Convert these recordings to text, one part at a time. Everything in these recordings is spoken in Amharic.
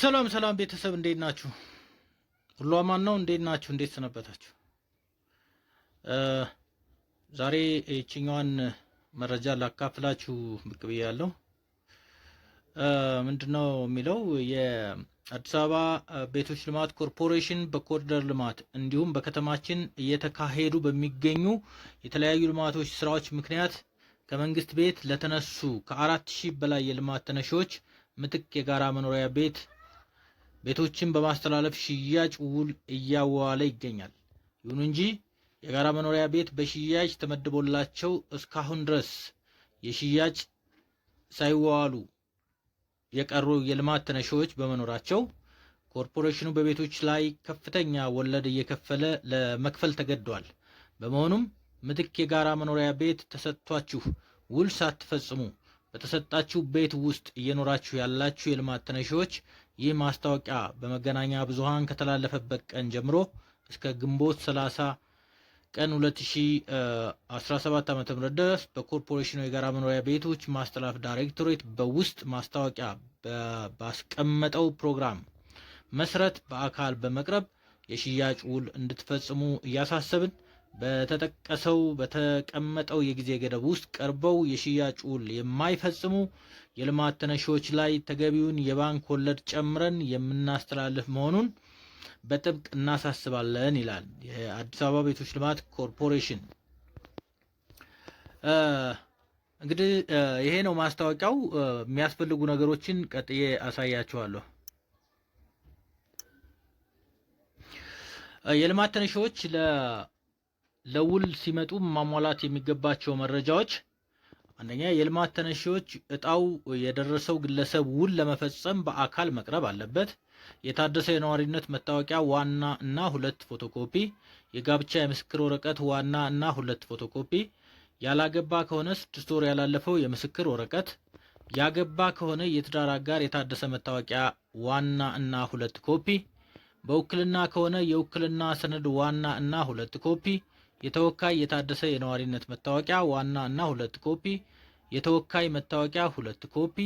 ሰላም ሰላም ቤተሰብ እንዴት ናችሁ? ሁሉ አማን ነው? እንዴት ናችሁ? እንዴት ሰነበታችሁ? ዛሬ ይችኛዋን መረጃ ላካፍላችሁ ብቅ ብያለሁ። ምንድነው የሚለው የአዲስ አበባ ቤቶች ልማት ኮርፖሬሽን በኮሪደር ልማት እንዲሁም በከተማችን እየተካሄዱ በሚገኙ የተለያዩ ልማቶች ስራዎች ምክንያት ከመንግስት ቤት ለተነሱ ከአራት ሺህ በላይ የልማት ተነሺዎች ምትክ የጋራ መኖሪያ ቤት ቤቶችን በማስተላለፍ ሽያጭ ውል እያዋዋለ ይገኛል። ይሁን እንጂ የጋራ መኖሪያ ቤት በሽያጭ ተመድቦላቸው እስካሁን ድረስ የሽያጭ ሳይዋዋሉ የቀሩ የልማት ተነሺዎች በመኖራቸው ኮርፖሬሽኑ በቤቶች ላይ ከፍተኛ ወለድ እየከፈለ ለመክፈል ተገዷል። በመሆኑም ምትክ የጋራ መኖሪያ ቤት ተሰጥቷችሁ ውል ሳትፈጽሙ በተሰጣችሁ ቤት ውስጥ እየኖራችሁ ያላችሁ የልማት ተነሺዎች ይህ ማስታወቂያ በመገናኛ ብዙኃን ከተላለፈበት ቀን ጀምሮ እስከ ግንቦት 30 ቀን 2017 ዓ ም ድረስ በኮርፖሬሽኑ የጋራ መኖሪያ ቤቶች ማስተላለፍ ዳይሬክቶሬት በውስጥ ማስታወቂያ ባስቀመጠው ፕሮግራም መሰረት በአካል በመቅረብ የሽያጭ ውል እንድትፈጽሙ እያሳሰብን በተጠቀሰው በተቀመጠው የጊዜ ገደብ ውስጥ ቀርበው የሽያጭ ውል የማይፈጽሙ የልማት ተነሺዎች ላይ ተገቢውን የባንክ ወለድ ጨምረን የምናስተላልፍ መሆኑን በጥብቅ እናሳስባለን ይላል የአዲስ አበባ ቤቶች ልማት ኮርፖሬሽን። እንግዲህ ይሄ ነው ማስታወቂያው። የሚያስፈልጉ ነገሮችን ቀጥዬ አሳያችኋለሁ። የልማት ተነሺዎች ለ ለውል ሲመጡ ማሟላት የሚገባቸው መረጃዎች አንደኛ የልማት ተነሺዎች እጣው የደረሰው ግለሰብ ውል ለመፈጸም በአካል መቅረብ አለበት። የታደሰ የነዋሪነት መታወቂያ ዋና እና ሁለት ፎቶኮፒ፣ የጋብቻ የምስክር ወረቀት ዋና እና ሁለት ፎቶኮፒ፣ ያላገባ ከሆነ ስድስት ወር ያላለፈው የምስክር ወረቀት፣ ያገባ ከሆነ የትዳር አጋር የታደሰ መታወቂያ ዋና እና ሁለት ኮፒ፣ በውክልና ከሆነ የውክልና ሰነድ ዋና እና ሁለት ኮፒ የተወካይ የታደሰ የነዋሪነት መታወቂያ ዋና እና ሁለት ኮፒ፣ የተወካይ መታወቂያ ሁለት ኮፒ፣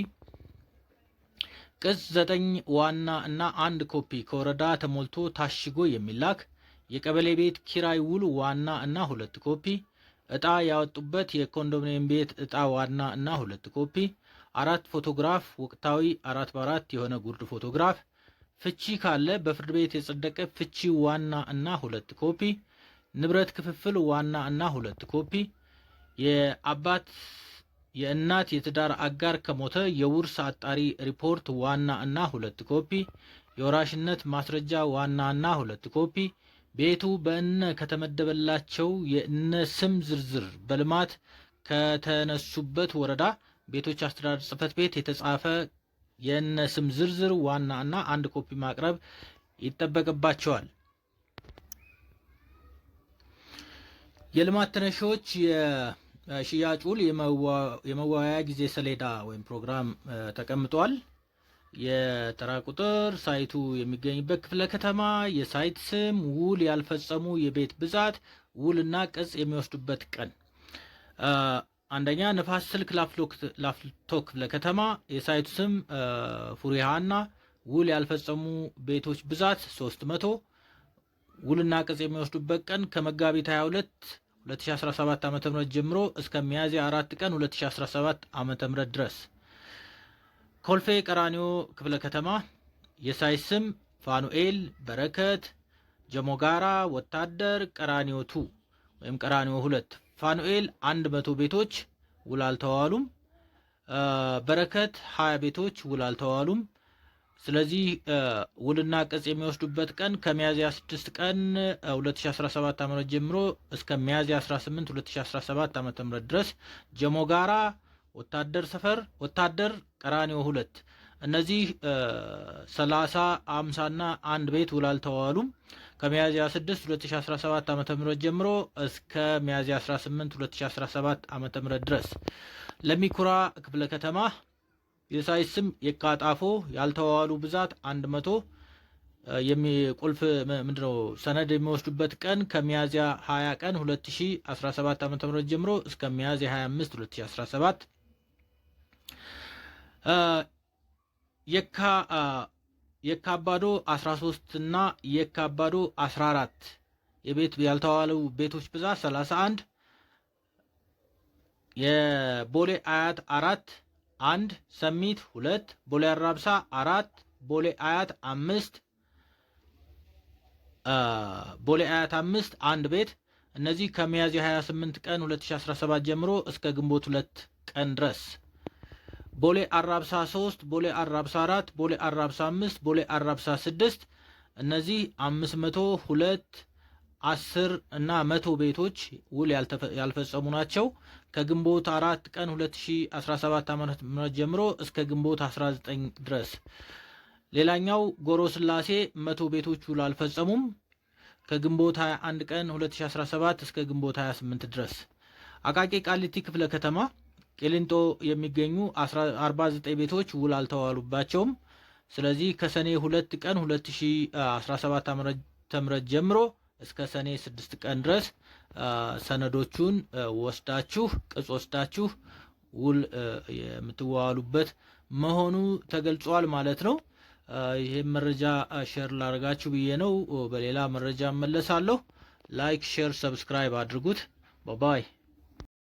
ቅጽ ዘጠኝ ዋና እና አንድ ኮፒ ከወረዳ ተሞልቶ ታሽጎ የሚላክ የቀበሌ ቤት ኪራይ ውል ዋና እና ሁለት ኮፒ፣ እጣ ያወጡበት የኮንዶሚኒየም ቤት እጣ ዋና እና ሁለት ኮፒ፣ አራት ፎቶግራፍ ወቅታዊ አራት በአራት የሆነ ጉርድ ፎቶግራፍ፣ ፍቺ ካለ በፍርድ ቤት የጸደቀ ፍቺ ዋና እና ሁለት ኮፒ ንብረት ክፍፍል ዋና እና ሁለት ኮፒ የአባት የእናት የትዳር አጋር ከሞተ የውርስ አጣሪ ሪፖርት ዋና እና ሁለት ኮፒ የወራሽነት ማስረጃ ዋና እና ሁለት ኮፒ ቤቱ በእነ ከተመደበላቸው የእነ ስም ዝርዝር በልማት ከተነሱበት ወረዳ ቤቶች አስተዳደር ጽፈት ቤት የተጻፈ የእነ ስም ዝርዝር ዋና እና አንድ ኮፒ ማቅረብ ይጠበቅባቸዋል። የልማት ተነሺዎች የሽያጭ ውል የመወያያ ጊዜ ሰሌዳ ወይም ፕሮግራም ተቀምጧል። የተራ ቁጥር፣ ሳይቱ የሚገኝበት ክፍለ ከተማ፣ የሳይት ስም፣ ውል ያልፈጸሙ የቤት ብዛት፣ ውልና ቅጽ የሚወስዱበት ቀን። አንደኛ ንፋስ ስልክ ላፍቶ ክፍለ ከተማ፣ የሳይቱ ስም ፉሪሃና፣ ውል ያልፈጸሙ ቤቶች ብዛት ሶስት መቶ ውልና ቅጽ የሚወስዱበት ቀን ከመጋቢት 22 2017 ዓ ም ጀምሮ እስከ ሚያዝያ 4 ቀን 2017 ዓ ም ድረስ ኮልፌ ቀራኒዮ ክፍለ ከተማ የሳይ ስም ፋኑኤል በረከት ጀሞጋራ ወታደር ቀራኒዮ ቱ ወይም ቀራኒዮ ሁለት ፋኑኤል 100 ቤቶች ውል አልተዋሉም። በረከት 20 ቤቶች ውል አልተዋሉም። ስለዚህ ውልና ቅጽ የሚወስዱበት ቀን ከሚያዝያ 6 ቀን 2017 ዓ.ም ጀምሮ እስከ ሚያዝያ 18 2017 ም ድረስ ጀሞጋራ ወታደር ሰፈር ወታደር ቀራኒዮ ሁለት እነዚህ 30 50ና አንድ ቤት ውል አልተዋሉም። ከሚያዝያ 6 2017 ም ጀምሮ እስከ ሚያዝያ 18 2017 ም ድረስ ለሚኩራ ክፍለ ከተማ የሳይዝ ስም የካጣፎ ያልተዋዋሉ ብዛት አንድ መቶ የሚቁልፍ ምንድነው ሰነድ የሚወስዱበት ቀን ከሚያዝያ 20 ቀን 2017 ዓ.ም ጀምሮ እስከ ሚያዝያ 25 2017 የካ የካባዶ 13 እና የካባዶ 14 የቤት ያልተዋሉ ቤቶች ብዛት 31 የቦሌ አያት አራት አንድ ሰሚት ሁለት ቦሌ አራብሳ አራት ቦሌ አያት አምስት ቦሌ አያት አምስት አንድ ቤት እነዚህ ከሚያዝያ 28 ቀን 2017 ጀምሮ እስከ ግንቦት ሁለት ቀን ድረስ ቦሌ አራብሳ 3 ቦሌ አራብሳ 4 ቦሌ አራብሳ 5 ቦሌ አራብሳ 6 እነዚህ 502 አስር እና መቶ ቤቶች ውል ያልፈጸሙ ናቸው። ከግንቦት አራት ቀን 2017 ዓ.ም ጀምሮ እስከ ግንቦት 19 ድረስ። ሌላኛው ጎሮ ስላሴ መቶ ቤቶች ውል አልፈጸሙም። ከግንቦት 21 ቀን 2017 እስከ ግንቦት 28 ድረስ። አቃቂ ቃሊቲ ክፍለ ከተማ ቄሊንጦ የሚገኙ 49 ቤቶች ውል አልተዋሉባቸውም። ስለዚህ ከሰኔ 2 ቀን 2017 ዓ.ም ጀምሮ እስከ ሰኔ ስድስት ቀን ድረስ ሰነዶቹን ወስዳችሁ ቅጽ ወስዳችሁ ውል የምትዋዋሉበት መሆኑ ተገልጿል ማለት ነው። ይህም መረጃ ሼር ላደርጋችሁ ብዬ ነው። በሌላ መረጃ እመለሳለሁ። ላይክ፣ ሼር፣ ሰብስክራይብ አድርጉት። ባባይ